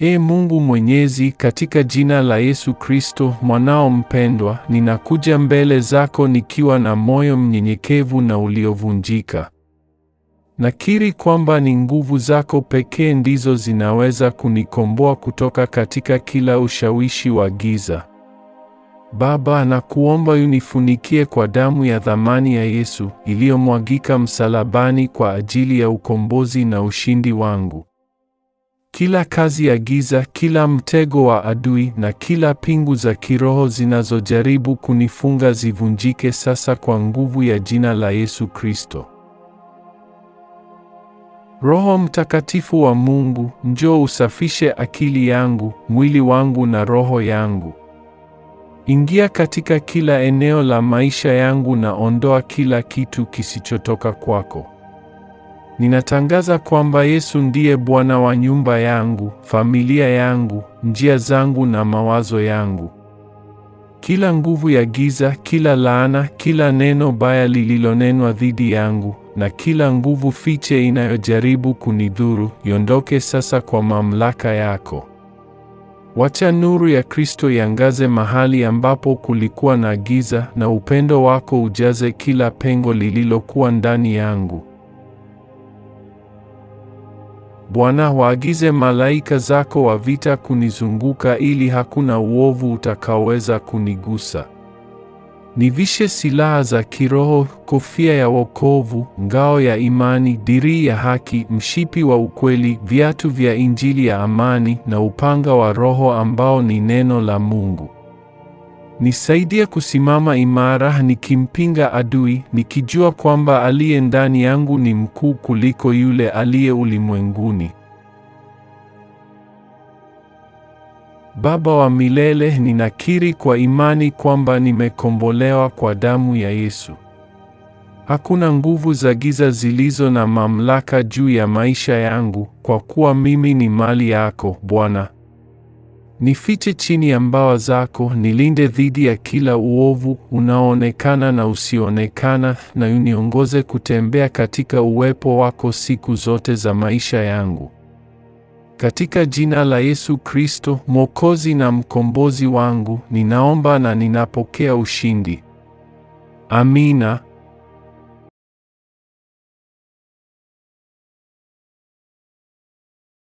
E Mungu Mwenyezi, katika jina la Yesu Kristo mwanao mpendwa, ninakuja mbele zako nikiwa na moyo mnyenyekevu na uliovunjika. Nakiri kwamba ni nguvu zako pekee ndizo zinaweza kunikomboa kutoka katika kila ushawishi wa giza. Baba, nakuomba unifunikie kwa damu ya thamani ya Yesu iliyomwagika msalabani kwa ajili ya ukombozi na ushindi wangu. Kila kazi ya giza, kila mtego wa adui na kila pingu za kiroho zinazojaribu kunifunga zivunjike sasa kwa nguvu ya jina la Yesu Kristo. Roho Mtakatifu wa Mungu, njoo usafishe akili yangu, mwili wangu na roho yangu. Ingia katika kila eneo la maisha yangu na ondoa kila kitu kisichotoka kwako. Ninatangaza kwamba Yesu ndiye Bwana wa nyumba yangu, familia yangu, njia zangu na mawazo yangu. Kila nguvu ya giza, kila laana, kila neno baya lililonenwa dhidi yangu, na kila nguvu fiche inayojaribu kunidhuru, iondoke sasa kwa mamlaka yako. Wacha nuru ya Kristo iangaze mahali ambapo kulikuwa na giza, na upendo wako ujaze kila pengo lililokuwa ndani yangu. Bwana, waagize malaika zako wa vita kunizunguka, ili hakuna uovu utakaoweza kunigusa. Nivishe silaha za kiroho, kofia ya wokovu, ngao ya imani, dirii ya haki, mshipi wa ukweli, viatu vya injili ya amani, na upanga wa Roho ambao ni neno la Mungu. Nisaidia kusimama imara nikimpinga adui, nikijua kwamba aliye ndani yangu ni mkuu kuliko yule aliye ulimwenguni. Baba wa milele, ninakiri kwa imani kwamba nimekombolewa kwa damu ya Yesu. Hakuna nguvu za giza zilizo na mamlaka juu ya maisha yangu, kwa kuwa mimi ni mali yako, Bwana nifiche chini ya mbawa zako, nilinde dhidi ya kila uovu unaoonekana na usioonekana, na uniongoze kutembea katika uwepo wako siku zote za maisha yangu. Katika jina la Yesu Kristo, Mwokozi na mkombozi wangu, ninaomba na ninapokea ushindi. Amina.